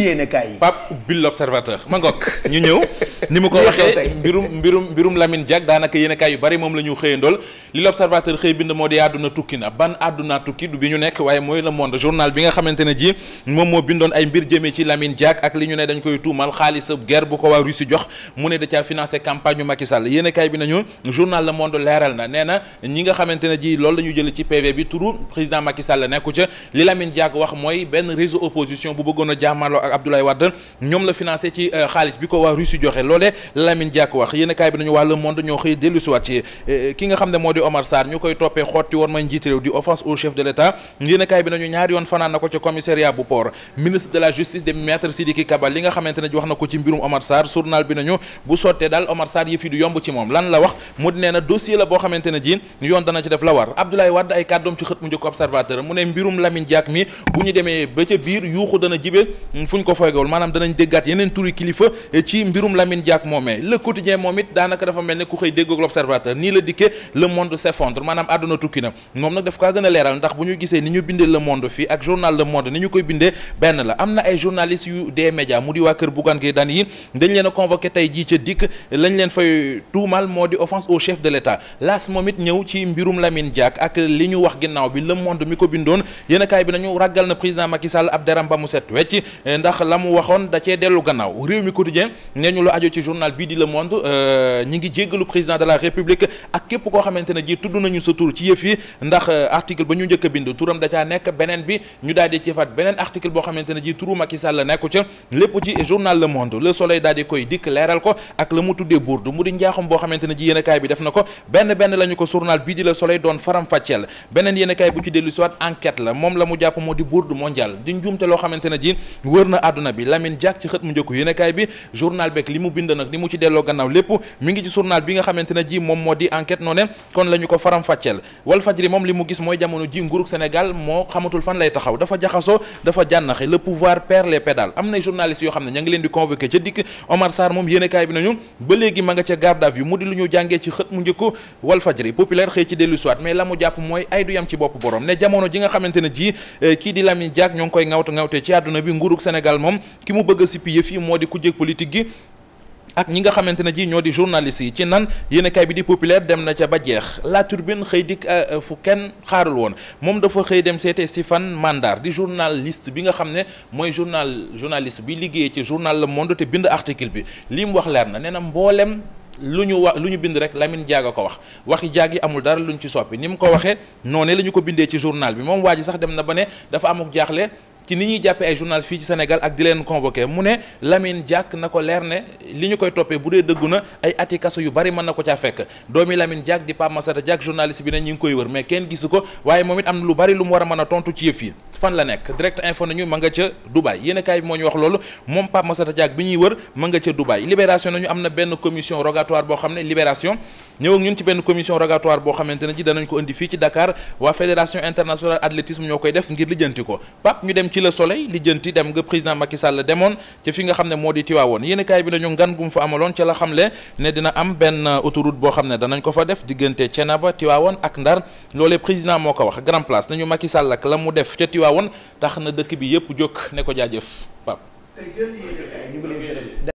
yéenekaay yi. Pape ubbil l'observateur ma ngoog ñu ñëw. ni mu ko waxee mbirum mbirum mbirum Lamine Diack daanaka yéen a yu bari moom la ñu xëyandool li l'observateur xëy bind moo di àdduna tukki na ban àdduna tukki bi ñu nekk waaye mooy le monde journal bi nga xamante ne ji moom moo bindoon ay mbir jëmee ci Lamine Diack ak li ñu ne dañ koy tuumal xaalis guerre bu ko waa Russie jox mu ne da caa financé campagne yu Macky Sall yéen a bi nañu journal le monde leeral na nee na ñi nga xamante ne ji loolu la ñu jëlee ci PV bi turu président Macky Sall nekku ca li Lamine Diack wax mooy benn réseau opposition bu bëggoon a jaamaloo ak Abdoulaye Wade ñoom la financé ci euh, xaalis bi ko waa Russie joxe loolee Lamine Diack wax yéen a bi nañu waa Le Monde ñoo xëy dellu siwaat eh, eh, ki nga xam ne moo di Omar Sarr ñu koy toppee xotti woon ma njiit réew di offense au chef de l'État yéen a bi nañu ñaari yoon fanaan na ko ci commissariat bu port ministre de la justice de maître Sidiki Kaba li nga xamante ne wax na ko ci mbirum Omar Sarr journal bi nañu bu sottee daal Omar Sarr yëf yomb ci moom lan la wax mu di dossier la boo xamante ne ngeen jàak moomee le quotidien moom it daanaka dafa mel ne ku xëy déggoog l'observateur nii la dikkee le monde s'effondre maanaam àdduna tukki na moom nag daf kaa gën a leeral ndax bu ñu gisee ni ñu bindee le monde fii ak journal le monde ni ñu koy bindee benn la am na ay journalistes yu des médias mu di waa kër Bougane Gueye yi dañ leen a convoqué jii ca dikk lañ leen fay tuumal moo di offense au chef de l'État laas moom it ñëw ci mbirum Lamine Diack a ci journal bii di Le Monde euh, ñi ngi jéggalu président de la république ak képp koo xamante ji tudd nañu sa tur ci yëf yi ndax euh, article ba ñu njëkk a bind turam da caa nekk beneen bi ñu daal di ci faat beneen article boo xamante ne ji turu Macky Sall la nekku ca lépp boo xamante ne ji bi def na ko benn benn la ñu ko journal bii di Le Soleil doon faram fàcceel beneen yéenekaay bu ci dellu siwaat enquête la moom la mu jàpp moo di Bourde di njuumte loo xamante ji wër na àdduna bi Lamine Diack ci xët mu njëkk yéenekaay bind nag ni mu ci delloo gannaaw lépp mi ngi ci journal bi nga xamante ne ji moom moo di enquête noo kon la ko faram-fàcceel wal fajri moom li mu gis mooy jamono ji nga xamante ne ji eh, kii di Lamine Diack ñoo ngi koy ngawte ngawte ci àdduna bi nguurug Sénégal moom ki mu bëgg a sippi yëf yi moo di ku jéeg gi ak ñi nga xamante ne ji ñoo di journalistes yi ci nan yéenekaay bi di populaire dem na ca ba jeex La Tribune xëy dikk euh, euh, fu kenn xaarul woon moom dafa xëy dem seete si fan Mandar di journaliste bi nga xam ne mooy journal journaliste bi liggéey ci journal Le Monde te bind article bi li mu wax leer na nee na mboolem lu ñu wax lu ñu bind rek Lamine Diaga ko wax waxi jaag yi amul dara lu ñu ci soppi ni mu ko waxee noonee lañu ko bindee ci journal bi moom waa ji sax dem na ba ne dafa amuk jaaxle ci ni ñuy jàppee ay journalistes fii ci Sénégal ak di leen convoqué mu ne Lamine Diack na ko leer ne li ñu koy toppee bu dee dëggu na ay ati kaso yu bari mën na ko caa fekk doomi Lamine Diack di Pape Massata Diack journaliste bi ne ñu ngi koy wër mais kenn gisu ko waaye moom it am lu bari lu mu war mën a tontu ci yëf yi fan la nekk direct info nañu ma nga ca Dubaay yéen a kaay bi moo ñu wax loolu moom Pape Massata Diack bi ñuy wër ma nga ca Dubaay libération nañu am na benn commission rogatoire boo xam ne libération ñëw ak ñun ci benn commission rogatoire boo xamante ne dana danañ ko indi fii ci Dakar waa fédération internationale athlétisme ñoo koy def ngir lijjanti ko Pape ñu dem ci Le Soleil lijjanti dem nga président Macky Sall demoon ca fi nga xam ne moo di Tiwaawoon yéen Tiwaawan tax na dëkk bi yëpp jóg ne ko jaajëf Pape